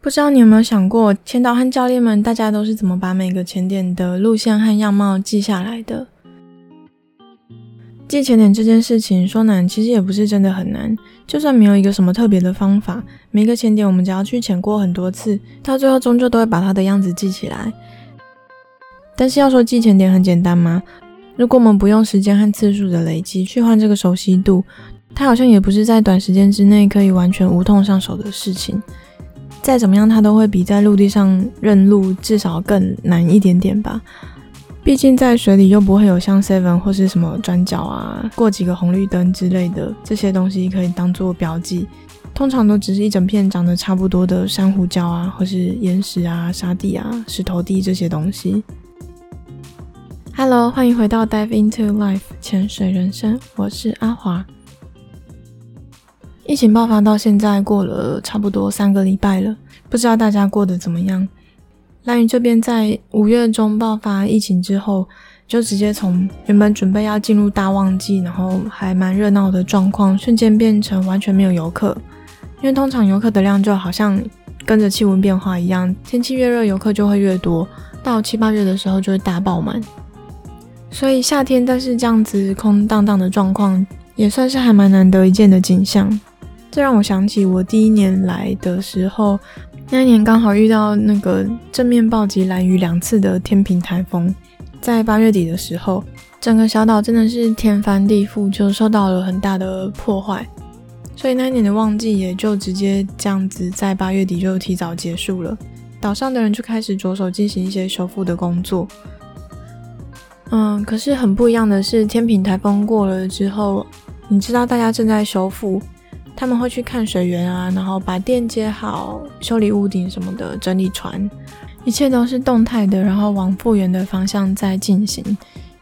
不知道你有沒有想過，潛導和教練們大家都是怎麼把每個潛點的路線和樣貌記下來的？記潛點這件事情說難，其實也不是真的很難。就算沒有一個什麼特別的方法，每個潛點我們只要去潛過很多次，到最後終究都會把它的樣子記起來。但是要說記潛點很簡單嗎？如果我們不用時間和次數的累積去換這個熟悉度，它好像也不是在短時間之內可以完全無痛上手的事情。再怎麼樣，它都會比在陸地上認路至少更難一點點吧。畢竟在水裡又不會有像 Seven 或是什麼轉角啊、過幾個紅綠燈之類的這些東西可以當做標記，通常都只是一整片長得差不多的珊瑚礁啊，或是岩石啊、沙地啊、石頭地這些東西。Hello，歡迎回到《Dive into Life》潛水人生，我是阿華。疫情爆發到現在過了差不多三個禮拜了，不知道大家過得怎麼樣。蘭嶼這邊在五月中爆發疫情之後，就直接從原本準備要進入大旺季，然後還蠻熱鬧的狀況，瞬間變成完全沒有遊客。因為通常遊客的量就好像跟着氣溫變化一樣，天氣越熱，遊客就會越多，到七八月的時候就會大爆滿。所以夏天，但是這樣子空荡荡的狀況，也算是還蠻難得一見的景象。這讓我想起我第一年來的時候，那一年剛好遇到那個正面暴擊蘭嶼兩次的天秤台風，在八月底的時候，整個小島真的是天翻地覆，就受到了很大的破壞。所以那一年的旺季也就直接這樣子在八月底就提早結束了。島上的人就開始着手進行一些修復的工作。嗯，可是很不一樣的是，天秤台風過了之後，你知道大家正在修復。他們會去看水源啊，然後把電接好，修理屋頂什麼的，整理船，一切都是動態的，然後往復原的方向在進行，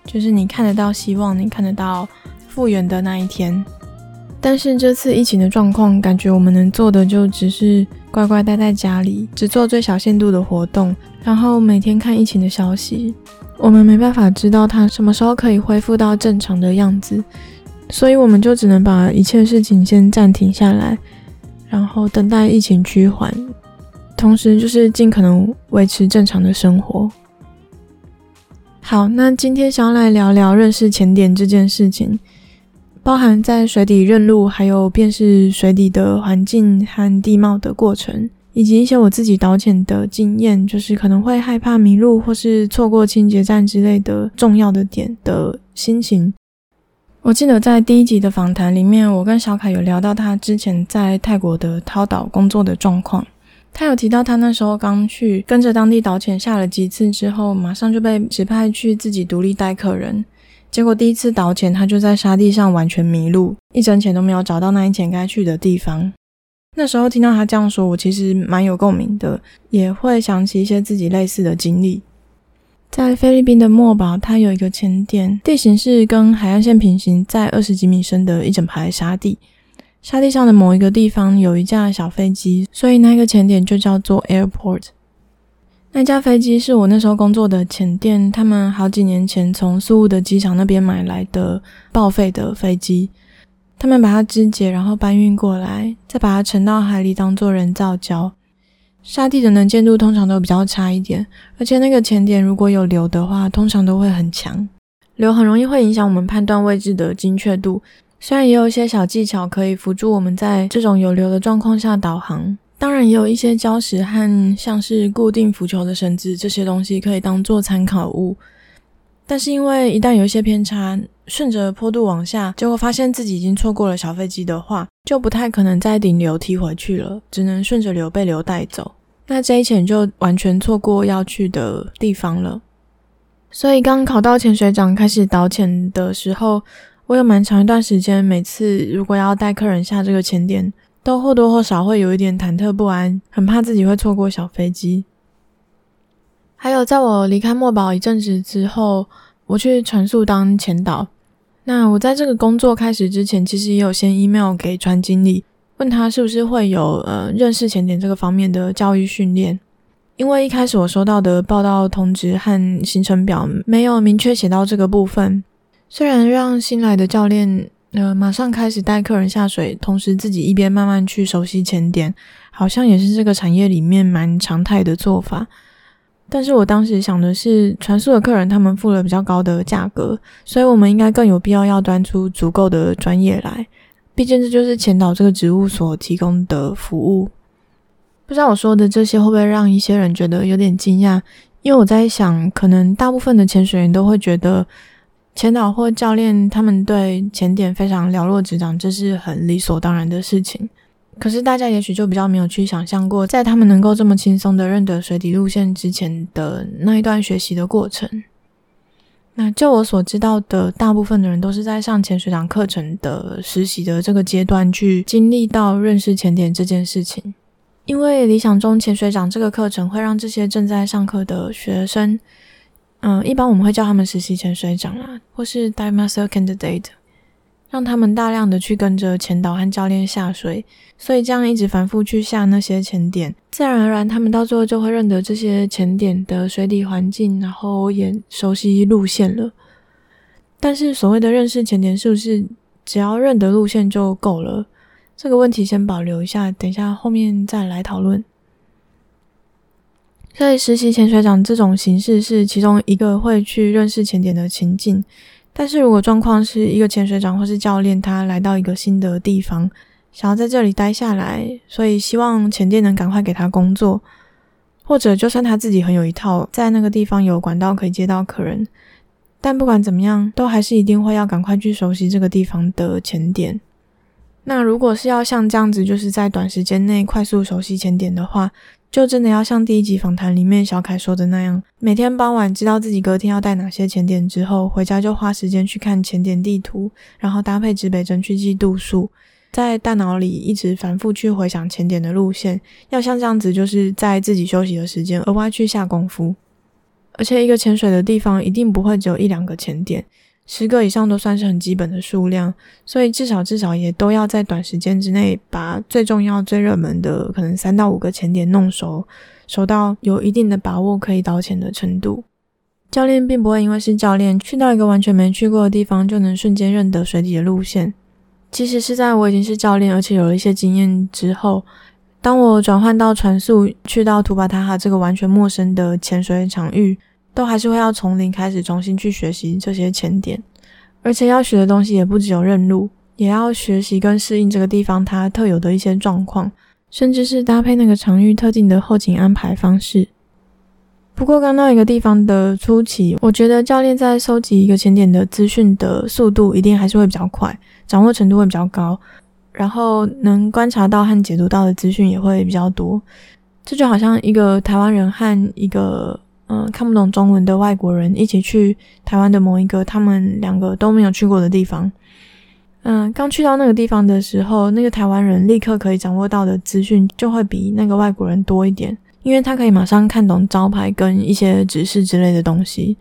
就是你看得到希望，你看得到復原的那一天。但是這次疫情的狀況，感覺我們能做的就只是乖乖待在家裡，只做最小限度的活動，然後每天看疫情的消息。我們沒辦法知道它什麼時候可以恢復到正常的樣子。所以我們就只能把一切事情先暫停下來，然後等待疫情趨緩，同時就是盡可能維持正常的生活。好，那今天想要來聊聊認識潛點這件事情，包含在水底認路，還有辨識水底的環境和地貌的過程，以及一些我自己導潛的經驗，就是可能會害怕迷路或是錯過清潔站之類的重要的點的心情。我記得在第一集的訪談裡面，我跟小凱有聊到他之前在泰國的濤島工作的狀況。他有提到他那時候剛去跟着當地導潛下了幾次之後，馬上就被指派去自己獨立帶客人。結果第一次導潛，他就在沙地上完全迷路，一整潛都沒有找到那一潛該去的地方。那時候聽到他這樣說，我其實蠻有共鳴的，也會想起一些自己類似的經歷。在菲律賓的墨寶，它有一個潛點，地形是跟海岸線平行，在二十幾米深的一整排沙地。沙地上的某一個地方有一架小飛機，所以那個潛點就叫做 Airport。那一架飛機是我那時候工作的潛店，他們好幾年前從宿霧的機場那邊買來的報廢的飛機，他們把它肢解，然後搬運過來，再把它沉到海裡當做人造礁。沙地的能見度通常都比較差一點，而且那個潛點如果有流的話，通常都會很強。流很容易會影響我們判斷位置的精確度。雖然也有一些小技巧可以輔助我們在這種有流的狀況下導航，當然也有一些礁石和像是固定浮球的繩子，這些東西可以當做參考物。但是因為一旦有一些偏差，順着坡度往下，結果發現自己已經錯過了小飛機的話，就不太可能再頂流踢回去了，只能順着流被流帶走。那這一潛就完全錯過要去的地方了。所以剛考到潛水長開始導潛的時候，我有蠻長一段時間，每次如果要帶客人下這個潛點，都或多或少會有一點忐忑不安，很怕自己會錯過小飛機。還有，在我離開墨寶一陣子之後，我去船宿當潛導。那我在這個工作開始之前，其實也有先 email 給船經理，問他是不是會有呃認識潛點這個方面的教育訓練。因為一開始我收到的報到通知和行程表沒有明確寫到這個部分。雖然讓新來的教練呃馬上開始帶客人下水，同時自己一邊慢慢去熟悉潛點，好像也是這個產業裡面蠻常態的做法。但是我當時想的是，船宿的客人他們付了比較高的價格，所以我們應該更有必要要端出足夠的專業來。畢竟這就是潛導這個職務所提供的服務。不知道我說的這些會不會讓一些人覺得有點驚訝？因為我在想，可能大部分的潛水員都會覺得，潛導或教練他們對潛點非常瞭若指掌，這是很理所當然的事情。可是大家也許就比較沒有去想象過，在他們能夠這麼輕鬆的認得水底路線之前的那一段學習的過程。那就我所知道的，大部分的人都是在上潛水長課程的實習的這個階段去經歷到認識潛點這件事情。因為理想中潛水長這個課程會讓這些正在上課的學生，嗯、呃，一般我們會叫他們實習潛水長啊，或是 Dive Master Candidate。讓他們大量的去跟着潛導和教練下水，所以這樣一直反覆去下那些潛點，自然而然他們到最後就會認得這些潛點的水底環境，然後也熟悉路線了。但是所謂的認識潛點，是不是只要認得路線就夠了？這個問題先保留一下，等一下後面再來討論。所以實習潛水長這種形式是其中一個會去認識潛點的情境。但是如果狀況是一個潛水長或是教練，他來到一個新的地方，想要在這裡待下來，所以希望潛店能趕快給他工作，或者就算他自己很有一套，在那個地方有管道可以接到客人，但不管怎麼樣，都還是一定會要趕快去熟悉這個地方的潛點。那如果是要像這樣子，就是在短時間內快速熟悉潛點的話，就真的要像第一集訪談裡面小凱說的那樣，每天傍晚知道自己隔天要帶哪些潛點之後，回家就花時間去看潛點地圖，然後搭配指北針去記度數，在大腦裡一直反覆去回想潛點的路線。要像這樣子，就是在自己休息的時間額外去下功夫。而且一個潛水的地方一定不會只有一兩個潛點。十個以上都算是很基本的數量，所以至少至少也都要在短時間之內把最重要、最熱門的可能三到五個潛點弄熟，熟到有一定的把握可以導潛的程度。教練並不會因為是教練，去到一個完全沒去過的地方就能瞬間認得水底的路線。其實是在我已經是教練，而且有一些經驗之後，當我轉換到船宿去到圖巴塔哈這個完全陌生的潛水場域。都還是會要從零開始重新去學習這些潛點，而且要學的東西也不只有認路，也要學習跟適應這個地方它特有的一些狀況，甚至是搭配那個場域特定的後勤安排方式。不過剛到一個地方的初期，我覺得教練在收集一個潛點的資訊的速度一定還是會比較快，掌握程度會比較高，然後能觀察到和解讀到的資訊也會比較多。這就好像一個台灣人和一個。嗯，看不懂中文的外國人一起去台灣的某一個他們兩個都沒有去過的地方。嗯，剛去到那個地方的時候，那個台灣人立刻可以掌握到的資訊就會比那個外國人多一點，因為他可以馬上看懂招牌跟一些指示之類的東西。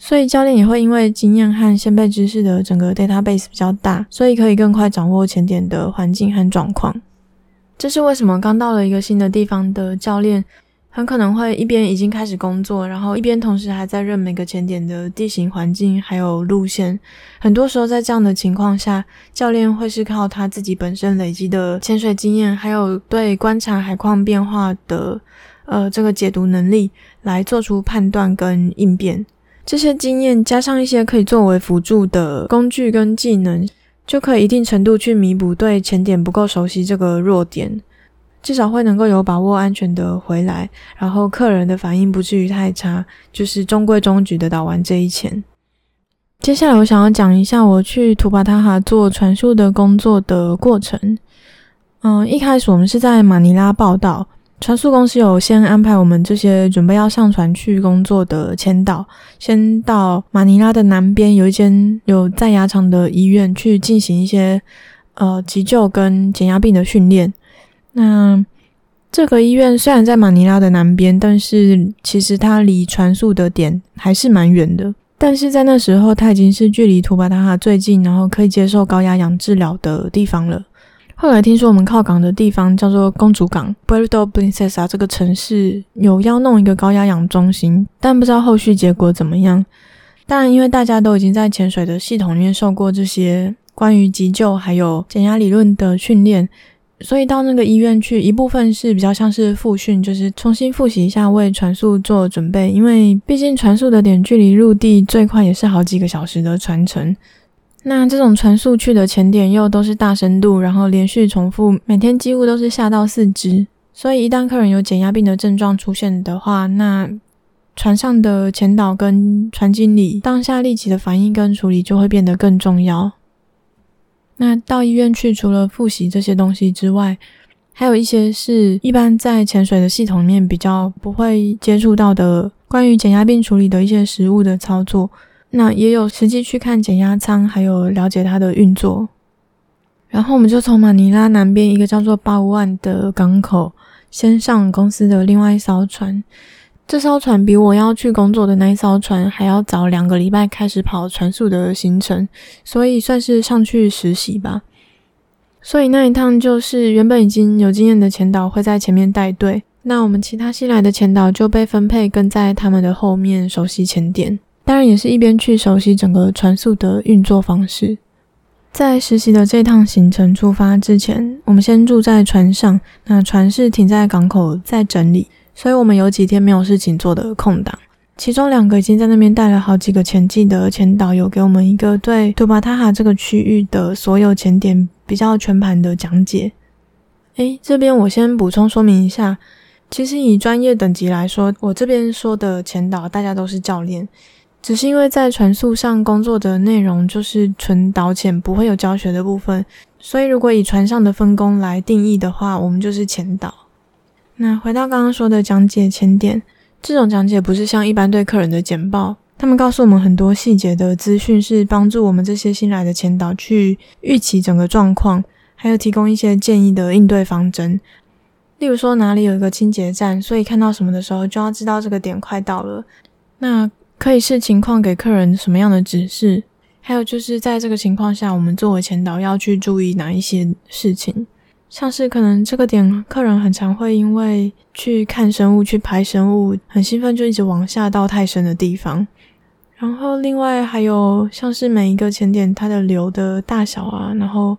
所以教練也會因為經驗和先備知識的整個 database 比較大，所以可以更快掌握潛點的環境和狀況。這是為什麼剛到了一個新的地方的教練。很可能會一邊已經開始工作，然後一邊同時還在認每個潛點的地形環境還有路線。很多時候在這樣的情況下，教練會是靠他自己本身累積的潛水經驗，還有對觀察海況變化的，呃，這個解讀能力，來做出判斷跟應變。這些經驗加上一些可以作為輔助的工具跟技能，就可以一定程度去彌補對潛點不夠熟悉這個弱點。至少會能夠有把握、安全的回來，然後客人的反應不至於太差，就是中規中矩的導完這一潛。接下來我想要講一下我去圖巴塔哈做船宿的工作的過程。嗯、呃，一開始我們是在馬尼拉報到，船宿公司有先安排我們這些準備要上船去工作的潛導，先到馬尼拉的南邊有一間有在壓艙的醫院去進行一些呃急救跟減壓病的訓練。那這個醫院雖然在馬尼拉的南邊，但是其實它離船宿的點還是蠻遠的。但是在那時候，它已經是距離圖巴塔哈最近，然後可以接受高壓氧治療的地方了。後來聽說，我們靠港的地方叫做公主港 （Puerto Princesa） 這個城市有要弄一個高壓氧中心，但不知道後續結果怎麼樣。當然，因為大家都已經在潛水的系統裡面受過這些關於急救還有減壓理論的訓練。所以到那個醫院去，一部分是比較像是複訓，就是重新複習一下為船宿做準備。因為畢竟船宿的點距離陸地最快也是好幾個小時的船程，那這種船宿去的潛點又都是大深度，然後連續重複，每天幾乎都是下到四支。所以一旦客人有減壓病的症狀出現的話，那船上的潛導跟船經理當下立即的反應跟處理就會變得更重要。那到醫院去，除了複習這些東西之外，還有一些是一般在潛水的系統裡面比較不會接觸到的，關於減壓病處理的一些實務的操作。那也有實際去看減壓艙，還有了解它的運作。然後我們就從馬尼拉南邊一個叫做巴烏萬的港口，先上公司的另外一艘船。這艘船比我要去工作的那一艘船還要早兩個禮拜開始跑船宿的行程，所以算是上去實習吧。所以那一趟就是原本已經有經驗的潛導會在前面帶隊，那我們其他新來的潛導就被分配跟在他們的後面熟悉潛點，當然也是一邊去熟悉整個船宿的運作方式。在實習的這趟行程出發之前，我們先住在船上，那船是停在港口在整理。所以我們有幾天沒有事情做的空檔，其中兩個已經在那邊帶了好幾個潛季的潛導遊，給我們一個對圖巴塔哈這個區域的所有潛點比較全盤的講解。誒，這邊我先補充說明一下，其實以專業等級來說，我這邊說的潛導大家都是教練，只是因為在船宿上工作的內容就是純導潛，不會有教學的部分，所以如果以船上的分工來定義的話，我們就是潛導。那回到剛剛說的講解潛點，這種講解不是像一般對客人的簡報，他們告訴我們很多細節的資訊，是幫助我們這些新來的潛導去預期整個狀況，還有提供一些建議的應對方針。例如說哪裡有一個清潔站，所以看到什麼的時候就要知道這個點快到了。那可以視情況給客人什麼樣的指示，還有就是在這個情況下，我們作為潛導要去注意哪一些事情。像是可能這個點，客人很常會因為去看生物、去拍生物，很興奮就一直往下到太深的地方。然後另外還有像是每一個潛點它的流的大小啊，然後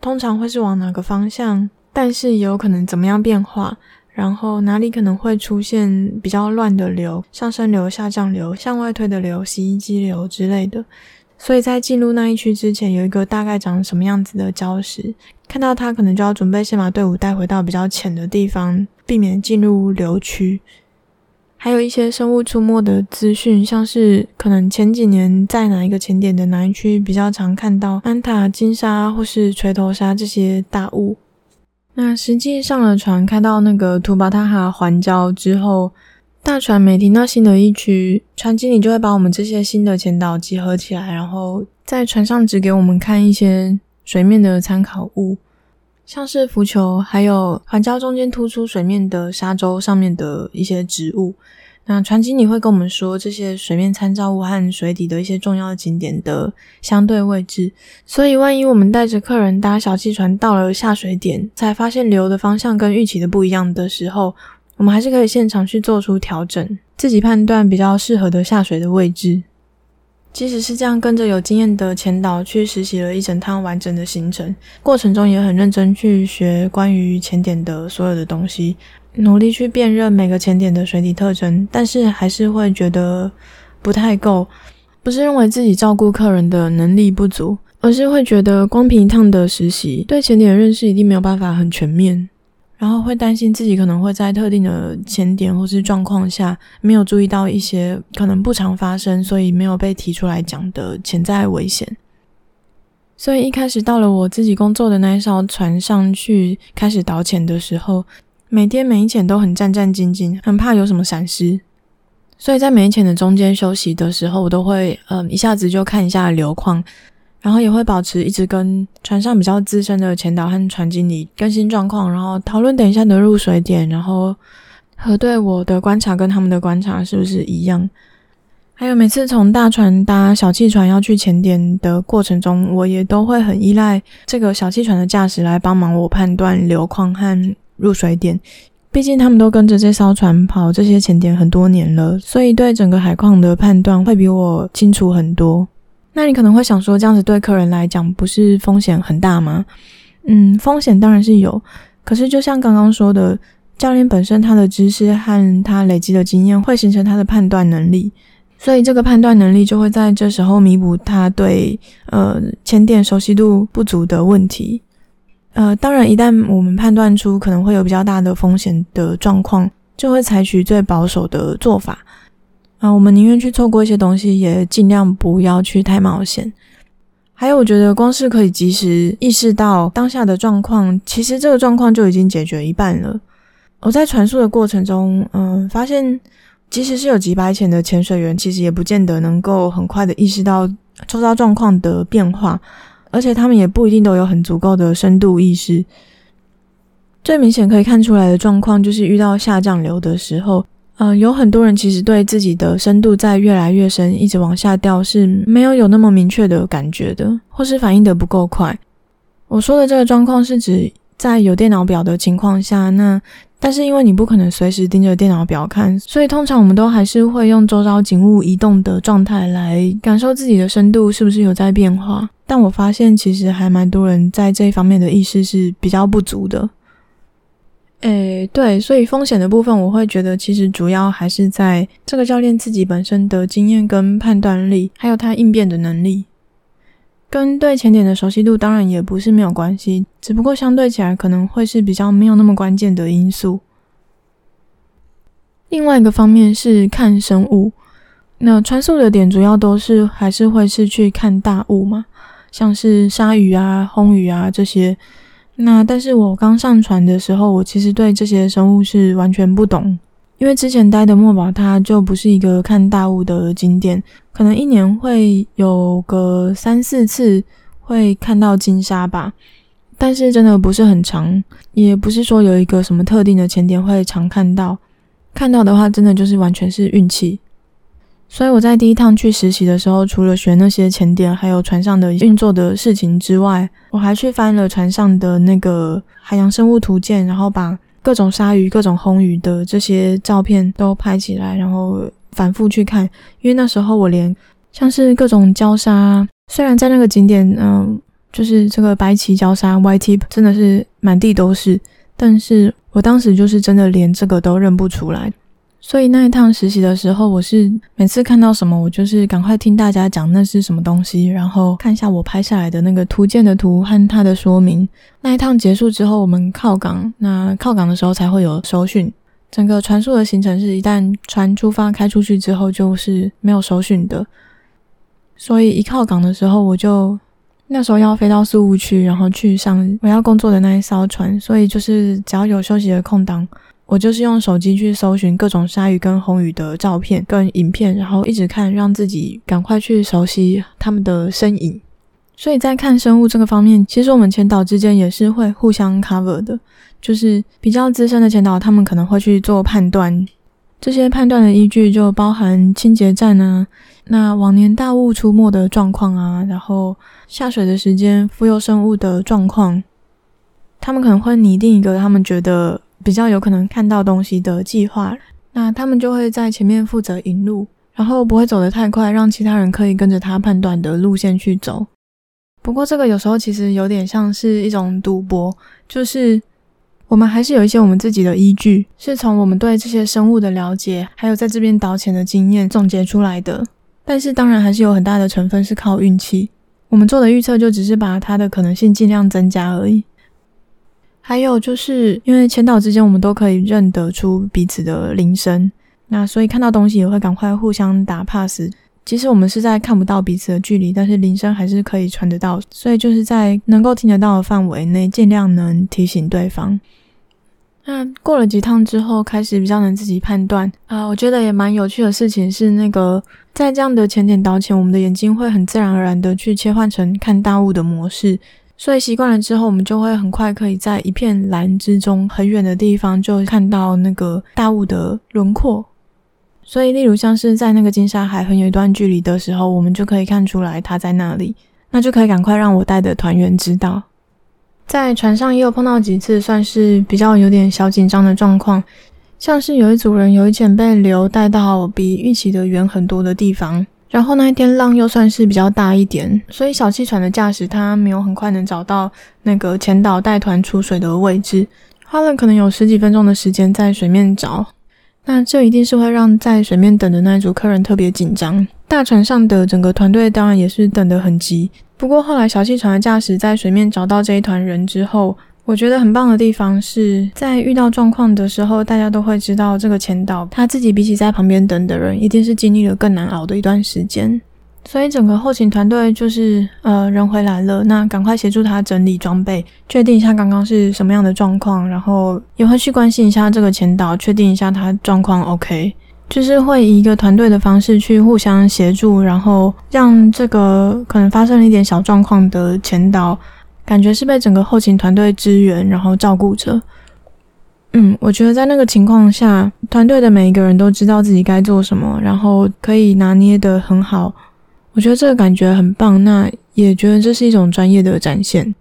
通常會是往哪個方向，但是也有可能怎麼樣變化，然後哪裡可能會出現比較亂的流、上升流、下降流、向外推的流、洗衣機流之類的。所以在進入那一區之前，有一個大概長什麼樣子的礁石，看到它可能就要準備先把隊伍帶回到比較淺的地方，避免進入流區。還有一些生物出沒的資訊，像是可能前幾年在哪一個淺點的哪一區比較常看到安塔金沙或是錘頭鯊這些大物。那實際上了船，開到那個圖巴塔哈環礁之後。大船每停到新的一區，船經理就會把我們這些新的潛導集合起來，然後在船上指給我們看一些水面的參考物，像是浮球，還有環礁中間突出水面的沙洲上面的一些植物。那船經理會跟我們說這些水面參照物和水底的一些重要景點的相對位置。所以，萬一我們帶着客人搭小汽船到了下水點，才發現流的方向跟預期的不一樣的時候，我們還是可以現場去做出調整，自己判斷比較適合的下水的位置。即使是這樣，跟着有經驗的潛導去實習了一整趟完整的行程，過程中也很認真去學關於潛點的所有的東西，努力去辨認每個潛點的水底特徵，但是還是會覺得不太夠。不是認為自己照顧客人的能力不足，而是會覺得光憑一趟的實習，對潛點的認識一定沒有辦法很全面。然後會擔心自己可能會在特定的潛點或是狀況下，沒有注意到一些可能不常發生，所以沒有被提出來講的潛在危險。所以一開始到了我自己工作的那一艘船上去開始導潛的時候，每天每一潛都很戰戰兢兢，很怕有什麼閃失。所以在每一潛的中間休息的時候，我都會，嗯，一下子就看一下流況。然後也會保持一直跟船上比較資深的潛導和船經理更新狀況，然後討論等一下的入水點，然後核對我的觀察跟他們的觀察是不是一樣。還有每次從大船搭小汽船要去潛點的過程中，我也都會很依賴這個小汽船的駕駛來幫忙我判斷流況和入水點。畢竟他們都跟着這艘船跑這些潛點很多年了，所以對整個海況的判斷會比我清楚很多。那你可能會想說，這樣子對客人來講不是風險很大嗎？嗯，風險當然是有，可是就像剛剛說的，教練本身他的知識和他累積的經驗會形成他的判斷能力，所以這個判斷能力就會在這時候彌補他對呃潛點熟悉度不足的問題。呃，當然，一旦我們判斷出可能會有比較大的風險的狀況，就會採取最保守的做法。啊，我們寧願去錯過一些東西，也盡量不要去太冒險。還有，我覺得光是可以及時意識到當下的狀況，其實這個狀況就已經解決一半了。我在傳輸的過程中，嗯、呃，發現即使是有幾百潛的潛水員，其實也不見得能夠很快的意識到周遭狀況的變化，而且他們也不一定都有很足夠的深度意識。最明顯可以看出來的狀況，就是遇到下降流的時候。嗯、呃，有很多人其實對自己的深度在越來越深，一直往下掉是沒有有那麼明確的感覺的，或是反應得不夠快。我說的這個狀況是指在有電腦表的情況下，那但是因為你不可能隨時盯着電腦表看，所以通常我們都還是會用周遭景物移動的狀態來感受自己的深度是不是有在變化。但我發現其實還蠻多人在這一方面的意識是比較不足的。誒、欸，對，所以風險的部分，我會覺得其實主要還是在這個教練自己本身的經驗跟判斷力，還有他應變的能力，跟對潛點的熟悉度，當然也不是沒有關係，只不過相對起來可能會是比較沒有那麼關鍵的因素。另外一個方面是看生物，那船宿的點主要都是還是會是去看大物嘛，像是鯊魚啊、魟魚啊這些。那但是我剛上船的時候，我其實對這些生物是完全不懂，因為之前待的墨寶它就不是一個看大物的景點，可能一年會有個三四次會看到鯨鯊吧，但是真的不是很常，也不是說有一個什麼特定的潛點會常看到，看到的話真的就是完全是運氣。所以我在第一趟去實習的時候，除了學那些潛點，還有船上的運作的事情之外，我還去翻了船上的那個海洋生物圖鑑，然後把各種鯊魚、各種魟魚的這些照片都拍起來，然後反覆去看。因為那時候我連像是各種礁鯊，雖然在那個景點，嗯、呃，就是這個白鰭礁鯊 （white tip） 真的是滿地都是，但是我當時就是真的連這個都認不出來。所以那一趟實習的時候，我是每次看到什麼，我就是趕快聽大家講那是什麼東西，然後看一下我拍下來的那個圖鑑的圖和它的說明。那一趟結束之後，我們靠港，那靠港的時候才會有收訊。整個船宿的行程是一旦船出發開出去之後，就是沒有收訊的。所以一靠港的時候，我就那時候要飛到宿霧去，然後去上我要工作的那一艘船，所以就是只要有休息的空檔。我就是用手機去搜尋各種鯊魚跟魟魚的照片跟影片，然後一直看，讓自己趕快去熟悉他們的身影。所以在看生物這個方面，其實我們潛導之間也是會互相 cover 的。就是比較資深的潛導，他們可能會去做判斷，這些判斷的依據就包含清潔站呢、啊，那往年大物出沒的狀況啊，然後下水的時間、浮游生物的狀況，他們可能會擬定一個他們覺得。比較有可能看到東西的計劃，那他們就會在前面負責引路，然後不會走得太快，讓其他人可以跟着他判斷的路線去走。不過這個有時候其實有點像是一種賭博，就是我們還是有一些我們自己的依據，是從我們對這些生物的了解，還有在這邊導潛的經驗總結出來的。但是當然還是有很大的成分是靠運氣。我們做的預測就只是把它的可能性盡量增加而已。還有就是因為潛導之間我們都可以認得出彼此的鈴聲，那所以看到東西也會趕快互相打 pass。即使我們是在看不到彼此的距離，但是鈴聲還是可以傳得到，所以就是在能夠聽得到的範圍內，儘量能提醒對方。那過了幾趟之後，開始比較能自己判斷啊。我覺得也蠻有趣的事情是，那個在這樣的潛點導潛，我們的眼睛會很自然而然的去切換成看大物的模式。所以習慣了之後，我們就會很快可以在一片藍之中很遠的地方就看到那個大物的輪廓。所以，例如像是在那個鯨鯊還有一段距離的時候，我們就可以看出來它在那裡，那就可以趕快讓我帶的團員知道。在船上也有碰到幾次，算是比較有點小緊張的狀況，像是有一組人有一群被流帶到比預期的遠很多的地方。然後那一天浪又算是比較大一點，所以小汽船的駕駛他沒有很快能找到那個潛導帶團出水的位置，花了可能有十幾分鐘的時間在水面找。那這一定是會讓在水面等的那一組客人特別緊張，大船上的整個團隊當然也是等得很急。不過後來小汽船的駕駛在水面找到這一團人之後。我覺得很棒的地方是在遇到狀況的時候，大家都會知道這個前導他自己比起在旁邊等的人，一定是經歷了更難熬的一段時間。所以整個後勤團隊就是，呃，人回來了，那趕快協助他整理裝備，確定一下剛剛是什麼樣的狀況，然後也會去關心一下這個前導，確定一下他狀況 OK，就是會以一個團隊的方式去互相協助，然後讓這個可能發生了一點小狀況的前導。感覺是被整個後勤團隊支援，然後照顧着。嗯，我覺得在那個情況下，團隊的每一個人都知道自己該做什麼，然後可以拿捏得很好。我覺得這個感覺很棒，那也覺得這是一種專業的展現。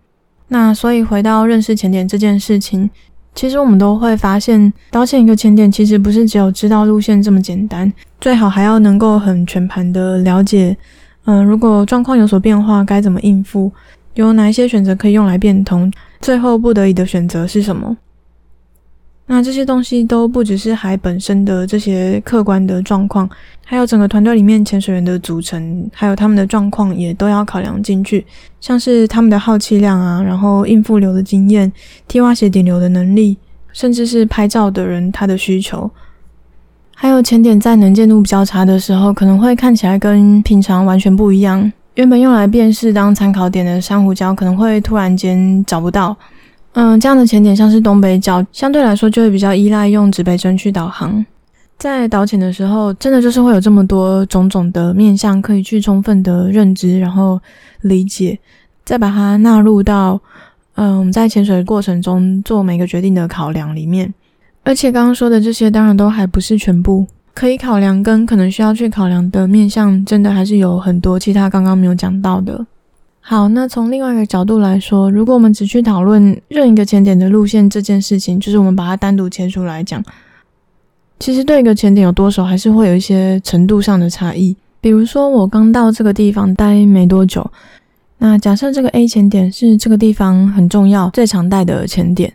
那所以回到認識潛點這件事情，其實我們都會發現，導潛一個潛點其實不是只有知道路線這麼簡單，最好還要能夠很全盤的了解。嗯、呃，如果狀況有所變化，該怎麼應付？有哪一些選擇可以用來變通？最後不得已的選擇是什麼？那這些東西都不只是海本身的這些客觀的狀況，還有整個團隊裡面潛水員的組成，還有他們的狀況也都要考量進去，像是他們的耗氣量啊，然後應付流的經驗、踢蛙鞋頂流的能力，甚至是拍照的人他的需求，還有潛點在能見度比較差的時候，可能會看起來跟平常完全不一樣。原本用來辨識當參考點的珊瑚礁，可能會突然間找不到。嗯，這樣的潛點像是東北礁，相對來說就會比較依賴用指北針去導航。在導潛的時候，真的就是會有這麼多種種的面向可以去充分的認知，然後理解，再把它納入到嗯，我們在潛水的過程中做每個決定的考量裡面。而且剛剛說的這些，當然都還不是全部。可以考量跟可能需要去考量的面向，真的還是有很多其他剛剛沒有講到的。好，那從另外一個角度來說，如果我們只去討論任一個潛點的路線這件事情，就是我們把它單獨切出來講，其實對一個潛點有多少，還是會有一些程度上的差異。比如說，我剛到這個地方待沒多久，那假設這個 A 潛點是這個地方很重要、最常待的潛點。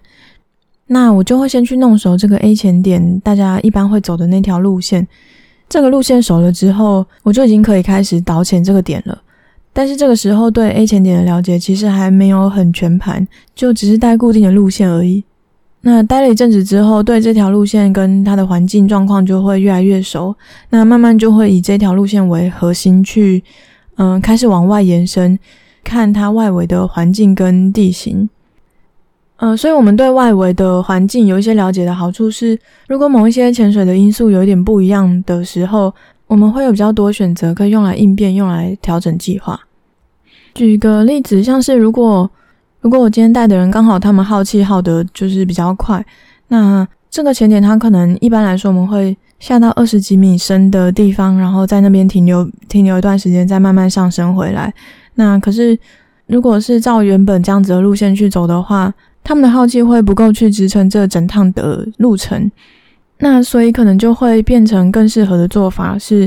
那我就會先去弄熟這個 A 潛點大家一般會走的那條路線。這個路線熟了之後，我就已經可以開始導潛這個點了。但是這個時候對 A 潛點的了解其實還沒有很全盤，就只是帶固定的路線而已。那待了一陣子之後，對這條路線跟它的環境狀況就會越來越熟。那慢慢就會以這條路線為核心去，嗯、呃，開始往外延伸，看它外圍的環境跟地形。嗯、呃，所以，我們對外圍的環境有一些了解的好處是，如果某一些潛水的因素有一點不一樣的時候，我們會有比較多選擇，可以用來應變，用來調整計劃。舉個例子，像是如果，如果我今天帶的人剛好他們耗氣耗得就是比較快，那這個潛點它可能一般來說我們會下到二十幾米深的地方，然後在那邊停留停留一段時間，再慢慢上升回來。那可是如果是照原本這樣子的路線去走的話，他們的好氣會不夠去支撐這整趟的路程，那所以可能就會變成更適合的做法是，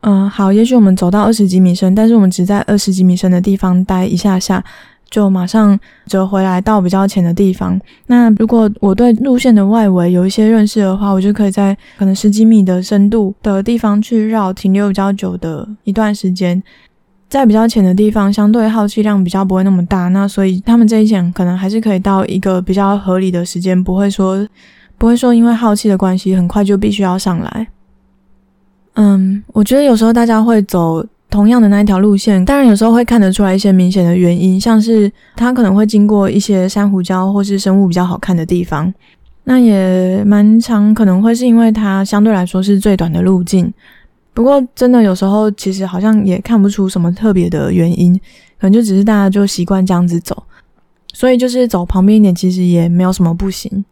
嗯、呃，好，也許我們走到二十幾米深，但是我們只在二十幾米深的地方待一下下，就馬上折回來到比較淺的地方。那如果我對路線的外圍有一些認識的話，我就可以在可能十幾米的深度的地方去繞，停留比較久的一段時間。在比較淺的地方，相對耗氣量比較不會那麼大，那所以他們這一潛可能還是可以到一個比較合理的時間，不會說不會說因為耗氣的關係很快就必須要上來。嗯，我覺得有時候大家會走同樣的那一條路線，當然有時候會看得出來一些明顯的原因，像是它可能會經過一些珊瑚礁或是生物比較好看的地方，那也蠻常，可能會是因為它相對來說是最短的路徑。不過，真的有時候其實好像也看不出什麼特別的原因，可能就只是大家就習慣這樣子走，所以就是走旁邊一點其實也沒有什麼不行。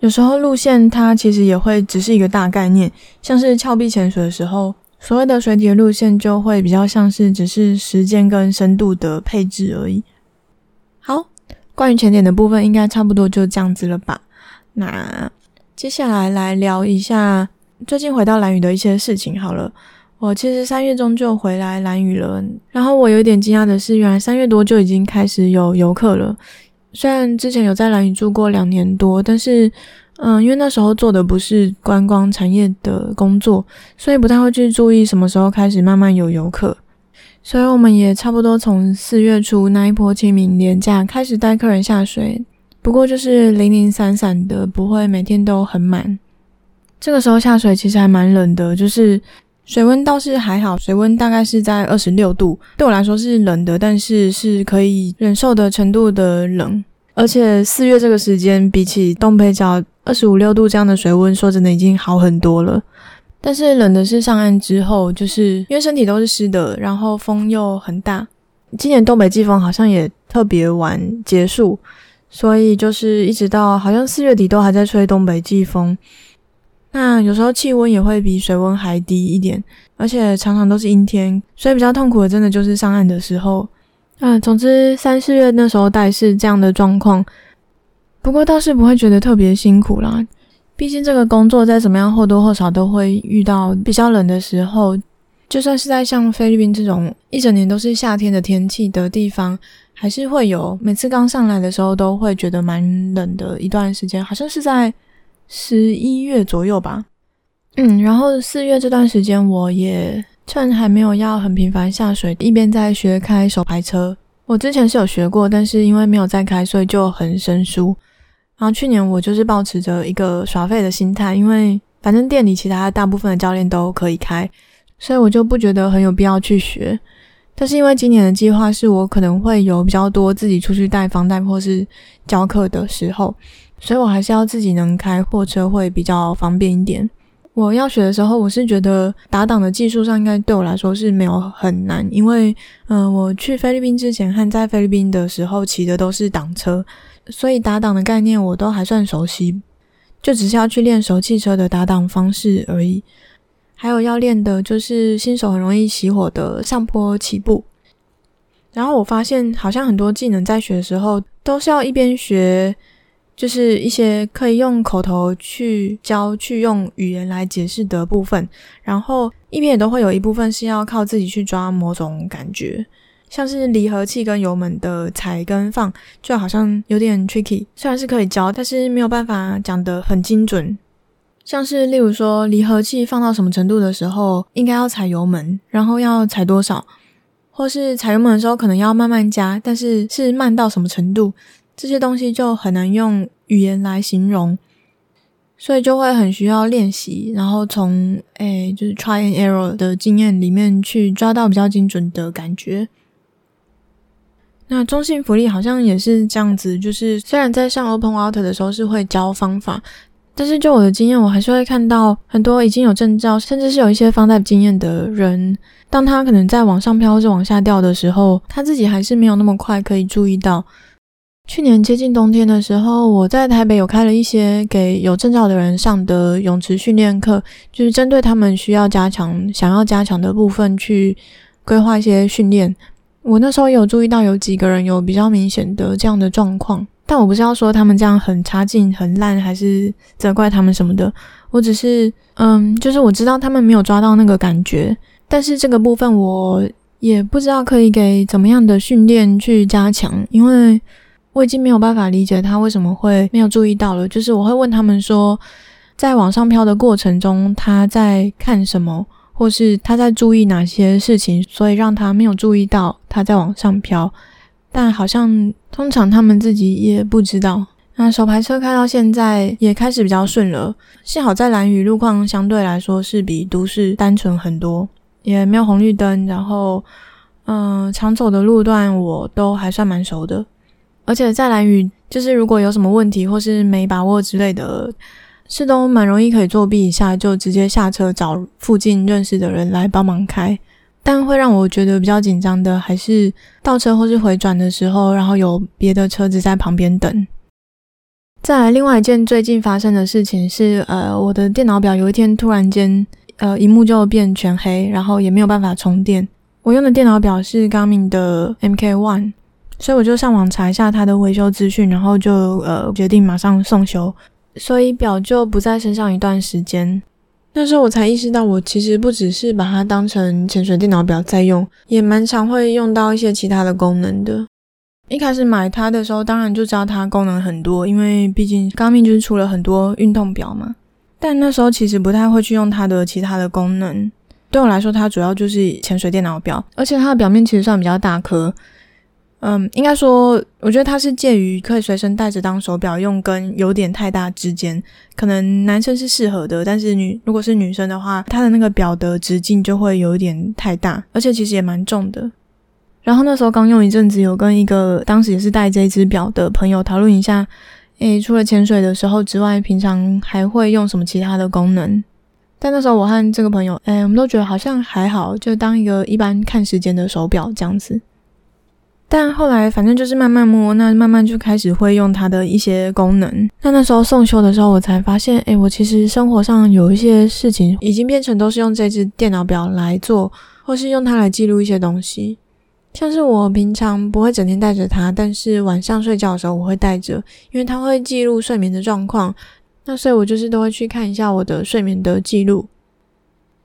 有時候路線它其實也會只是一個大概念，像是峭壁潛水的時候，所謂的水底路線就會比較像是只是時間跟深度的配置而已。好，關於潛點的部分應該差不多就這樣子了吧。那接下來來聊一下。最近回到蘭嶼的一些事情好了，我其實三月中就回來蘭嶼了。然後我有點驚訝的是，原來三月多就已經開始有遊客了。雖然之前有在蘭嶼住過兩年多，但是嗯，因為那時候做的不是觀光產業的工作，所以不太會去注意什麼時候開始慢慢有遊客。所以我們也差不多從四月初那一波清明連假開始帶客人下水，不過就是零零散散的，不會每天都很滿。這個時候下水其實還蠻冷的，就是水溫倒是還好，水溫大概是在二十六度，對我來說是冷的，但是是可以忍受的程度的冷。而且四月這個時間，比起東北角二十五六度這樣的水溫，說真的已經好很多了。但是冷的是上岸之後，就是因為身體都是濕的，然後風又很大。今年東北季風好像也特別晚結束，所以就是一直到好像四月底都還在吹東北季風。那有時候氣溫也會比水溫還低一點，而且常常都是陰天，所以比較痛苦的真的就是上岸的時候。嗯、呃，總之三四月那時候大概是這樣的狀況，不過倒是不會覺得特別辛苦啦。畢竟這個工作再怎麼樣，或多或少都會遇到比較冷的時候。就算是在像菲律賓這種一整年都是夏天的天氣的地方，還是會有每次剛上來的時候都會覺得蠻冷的一段時間，好像是在。十一月左右吧，嗯，然後四月這段時間，我也趁還沒有要很頻繁下水，一邊在學開手排車。我之前是有學過，但是因為沒有再開，所以就很生疏。然後去年我就是抱持著一個耍廢的心態，因為反正店裡其他大部分的教練都可以開，所以我就不覺得很有必要去學。但是因為今年的計劃是我可能會有比較多自己出去帶房貸或是教課的時候。所以，我還是要自己能開貨車會比較方便一點。我要學的時候，我是覺得打檔的技術上應該對我來說是沒有很難，因為，嗯、呃，我去菲律賓之前和在菲律賓的時候騎的都是擋車，所以打檔的概念我都還算熟悉，就只是要去練熟汽車的打檔方式而已。還有要練的就是新手很容易熄火的上坡起步。然後我發現，好像很多技能在學的時候都是要一邊學，就是一些可以用口頭去教、去用語言來解釋的部分，然後一邊也都會有一部分是要靠自己去抓某種感覺，像是離合器跟油門的踩跟放，就好像有點 tricky，雖然是可以教，但是沒有辦法講得很精準。像是例如說，離合器放到什麼程度的時候應該要踩油門，然後要踩多少，或是踩油門的時候可能要慢慢加，但是是慢到什麼程度？這些東西就很難用語言來形容，所以就會很需要練習，然後從哎就是 try and error 的經驗裡面去抓到比較精準的感覺。那中性浮力好像也是這樣子，就是雖然在上 Open Water 的時候是會教方法，但是就我的經驗，我還是會看到很多已經有證照，甚至是有一些放貸經驗的人，當他可能在往上飄或是往下掉的時候，他自己還是沒有那麼快可以注意到。去年接近冬天的時候，我在台北有開了一些給有證照的人上的泳池訓練課，就是針對他們需要加強、想要加強的部分去規劃一些訓練。我那時候有注意到有幾個人有比較明顯的這樣的狀況，但我不是要說他們這樣很差勁、很爛，還是責怪他們什麼的。我只是，嗯，就是我知道他們沒有抓到那個感覺，但是這個部分我也不知道可以給怎麼樣的訓練去加強，因為。我已經沒有辦法理解他為什麼會沒有注意到了。就是我會問他們說，在往上飄的過程中，他在看什麼，或是他在注意哪些事情，所以讓他沒有注意到他在往上飄。但好像通常他們自己也不知道。那手排車開到現在也開始比較順了，幸好在蘭嶼路況相對來說是比都市單純很多，也沒有紅綠燈。然後，嗯、呃，常走的路段我都還算蠻熟的。而且在蘭嶼，就是如果有什麼問題或是沒把握之類的，是都蠻容易可以作弊一下，就直接下車找附近認識的人來幫忙開。但會讓我覺得比較緊張的，還是倒車或是迴轉的時候，然後有別的車子在旁邊等。再來，另外一件最近發生的事情是，呃，我的電腦錶有一天突然間，呃，螢幕就變全黑，然後也沒有辦法充電。我用的電腦錶是 Garmin 的 MK One。所以我就上網查一下它的維修資訊，然後就呃決定馬上送修，所以錶就不在身上一段時間。那時候我才意識到，我其實不只是把它當成潛水電腦錶在用，也蠻常會用到一些其他的功能的。一開始買它的，的時候，當然就知道它功能很多，因為畢竟 Garmin 就是出了很多運動錶嘛。但那時候其實不太會去用它的其他的功能。對我來說，它主要就是潛水電腦錶，而且它的錶面其實算比較大顆。嗯，應該說，我覺得它是介於可以隨身帶着當手表用，跟有點太大之間。可能男生是適合的，但是女，如果是女生的話，它的那個表的直徑就會有點太大，而且其實也蠻重的。然後那時候剛用一陣子，有跟一個當時也是戴這一支錶的朋友討論一下，誒，除了潛水的時候之外，平常還會用什麼其他的功能。但那時候我和這個朋友，誒，我們都覺得好像還好，就當一個一般看時間的手表這樣子。但後來反正就是慢慢摸，那慢慢就開始會用它的一些功能。那那時候送修的時候，我才發現，哎，我其實生活上有一些事情已經變成都是用這支電腦錶來做，或是用它來記錄一些東西。像是我平常不會整天帶着它，但是晚上睡覺的時候我會帶着，因為它會記錄睡眠的狀況。那所以我就是都會去看一下我的睡眠的記錄。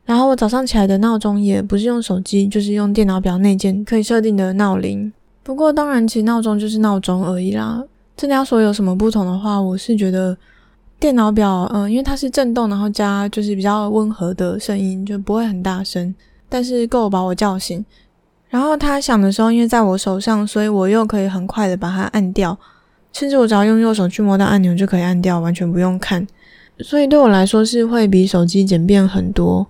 然後我早上起來的鬧鐘也不是用手機，就是用電腦錶內建可以設定的鬧鈴。不過，當然，其實鬧鐘就是鬧鐘而已啦。真的要說有什麼不同的話，我是覺得電腦錶，嗯，因為它是震動，然後加就是比較溫和的聲音，就不會很大聲，但是夠把我叫醒。然後它響的時候，因為在我手上，所以我又可以很快的把它按掉，甚至我只要用右手去摸到按鈕就可以按掉，完全不用看。所以對我來說是會比手機簡便很多。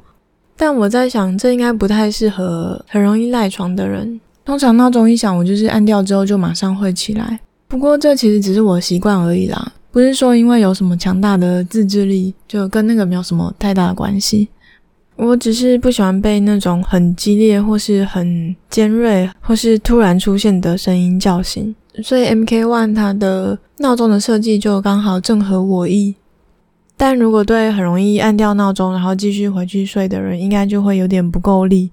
但我在想，這應該不太適合很容易賴床的人。通常鬧鐘一響，我就是按掉之後就馬上會起來。不過這其實只是我習慣而已啦，不是說因為有什麼強大的自制力，就跟那個沒有什麼太大的關係。我只是不喜歡被那種很激烈或是很尖銳或是突然出現的聲音叫醒，所以 MK One 它的鬧鐘的設計就剛好正合我意。但如果對很容易按掉鬧鐘然後繼續回去睡的人，應該就會有點不夠力。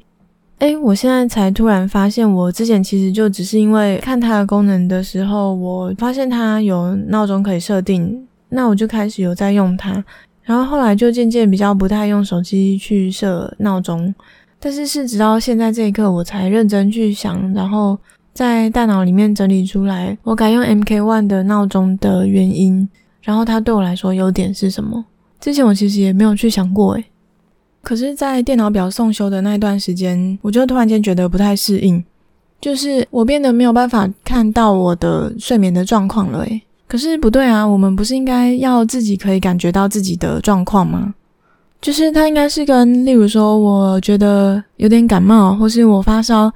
哎，我現在才突然發現，我之前其實就只是因為看它的功能的時候，我發現它有鬧鐘可以設定，那我就開始有在用它，然後後來就漸漸比較不太用手機去設鬧鐘，但是是直到現在這一刻，我才認真去想，然後在大腦裡面整理出來，我改用 MK1 的鬧鐘的原因，然後它對我來說優點是什麼？之前我其實也沒有去想過誒，哎。可是，在電腦錶送修的那一段時間，我就突然間覺得不太適應，就是我變得沒有辦法看到我的睡眠的狀況了誒。誒可是不對啊，我們不是應該要自己可以感覺到自己的狀況嗎？就是它應該是跟，例如說，我覺得有點感冒，或是我發燒，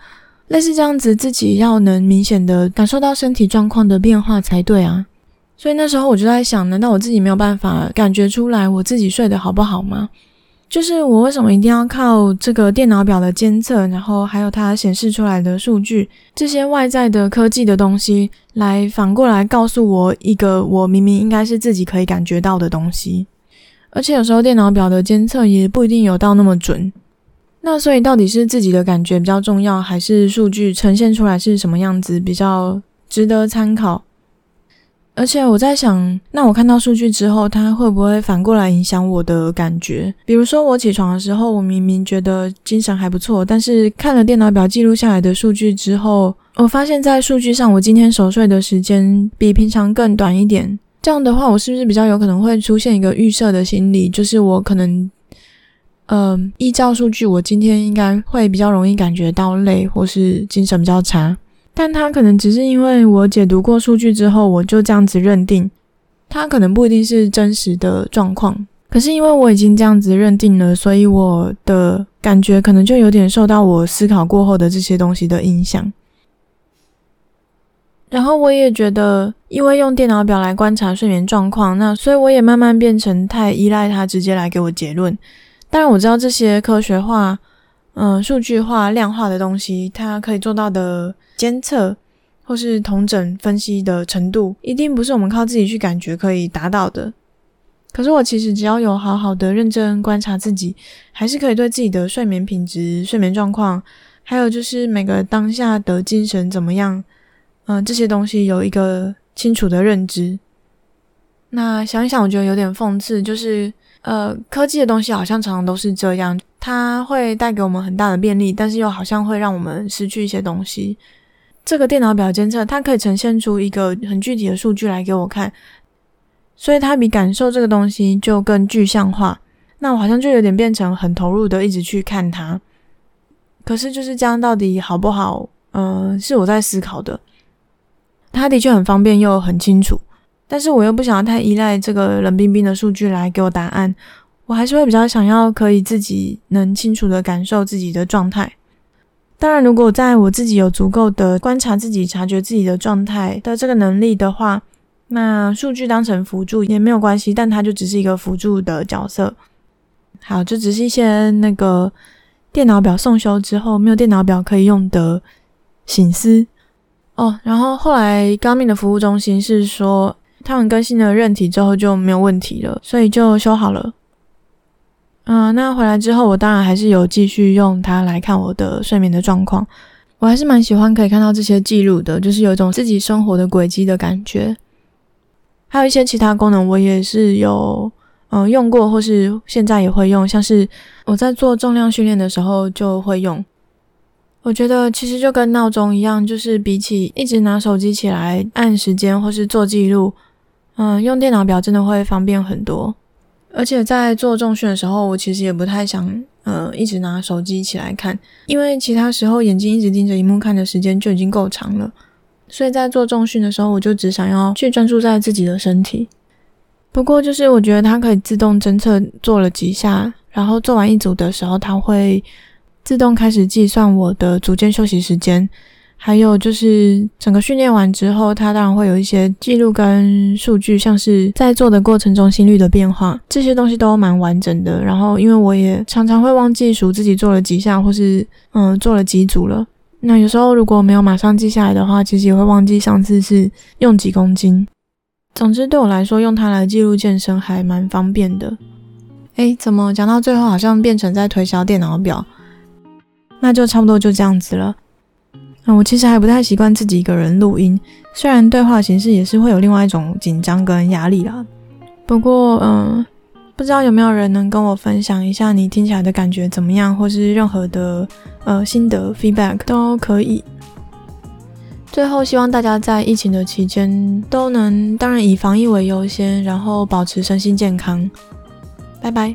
類似這樣子，自己要能明顯的感受到身體狀況的變化才對啊。所以那時候我就在想，難道我自己沒有辦法感覺出來我自己睡得好不好嗎？就是我為什麼一定要靠這個電腦錶的監測，然後還有它顯示出來的數據，這些外在的科技的東西，來反過來告訴我一個我明明應該是自己可以感覺到的東西。而且有時候電腦錶的監測也不一定有到那麼準。那所以到底是自己的感覺比較重要，還是數據呈現出來是什麼樣子比較值得參考？而且我在想，那我看到數據之後，它會不會反過來影響我的感覺？比如說，我起床的時候，我明明覺得精神還不錯，但是看了電腦表記錄下來的數據之後，我發現，在數據上，我今天熟睡的時間比平常更短一點。這樣的話，我是不是比較有可能會出現一個預設的心理，就是我可能，嗯、呃，依照數據，我今天應該會比較容易感覺到累，或是精神比較差。但他可能只是因為我解讀過數據之後，我就這樣子認定，他可能不一定是真實的狀況。可是因為我已經這樣子認定了，所以我的感覺可能就有點受到我思考過後的這些東西的影響。然後我也覺得，因為用電腦表來觀察睡眠狀況，那所以我也慢慢變成太依賴它直接來給我結論。當然我知道這些科學化、嗯、呃，數據化、量化的東西，它可以做到的，監測或是統整分析的程度，一定不是我們靠自己去感覺可以達到的。可是我其實只要有好好的認真觀察自己，還是可以對自己的睡眠品質、睡眠狀況，還有就是每個當下的精神怎麼樣，嗯、呃，這些東西有一個清楚的認知。那想一想，我覺得有點諷刺，就是呃，科技的東西好像常常都是這樣，它會帶給我們很大的便利，但是又好像會讓我們失去一些東西。這個電腦錶監測，它可以呈現出一個很具體的數據來給我看，所以它比感受這個東西就更具象化。那我好像就有點變成很投入的一直去看它。可是就是這樣，到底好不好？嗯、呃，是我在思考的。它的確很方便又很清楚，但是我又不想要太依賴這個冷冰冰的數據來給我答案。我還是會比較想要可以自己能清楚的感受自己的狀態。當然，如果在我自己有足夠的觀察、自己察覺自己的狀態的這個能力的話，那數據當成輔助也沒有關係，但它就只是一個輔助的角色。好，就只是一些那個電腦錶送修之後沒有電腦錶可以用的省思哦。然後後來 Garmin 的服務中心是說，他們更新了韌體之後就沒有問題了，所以就修好了。嗯，那回來之後，我當然還是有繼續用它來看我的睡眠的狀況。我還是蠻喜歡可以看到這些記錄的，就是有一種自己生活的軌跡的感覺。還有一些其他功能，我也是有，嗯，用過，或是現在也會用，像是我在做重量訓練的時候就會用。我覺得其實就跟鬧鐘一樣，就是比起一直拿手機起來按時間或是做記錄，嗯，用電腦錶真的會方便很多。而且在做重訓的時候，我其實也不太想，呃，一直拿手機起來看，因為其他時候眼睛一直盯着熒幕看的時間就已經夠長了，所以在做重訓的時候，我就只想要去專注在自己的身體。不過就是我覺得它可以自動偵測做了幾下，然後做完一組的時候，它會自動開始計算我的組間休息時間。還有就是，整個訓練完之後，它當然會有一些記錄跟數據，像是在做的過程中心率的變化，這些東西都蠻完整的。然後，因為我也常常會忘記數自己做了幾下，或是嗯、呃、做了幾組了。那有時候如果沒有馬上記下來的話，其實也會忘記上次是用幾公斤。總之對我來說，用它來記錄健身還蠻方便的。哎，怎麼講到最後好像變成在推銷電腦錶？那就差不多就這樣子了。嗯，我其實還不太習慣自己一個人錄音，雖然對話形式也是會有另外一種緊張跟壓力啦。不過，嗯，不知道有沒有人能跟我分享一下你聽起來的感覺怎麼樣，或是任何的呃心得 feedback 都可以。最後，希望大家在疫情的期間都能，當然以防疫為優先，然後保持身心健康。拜拜。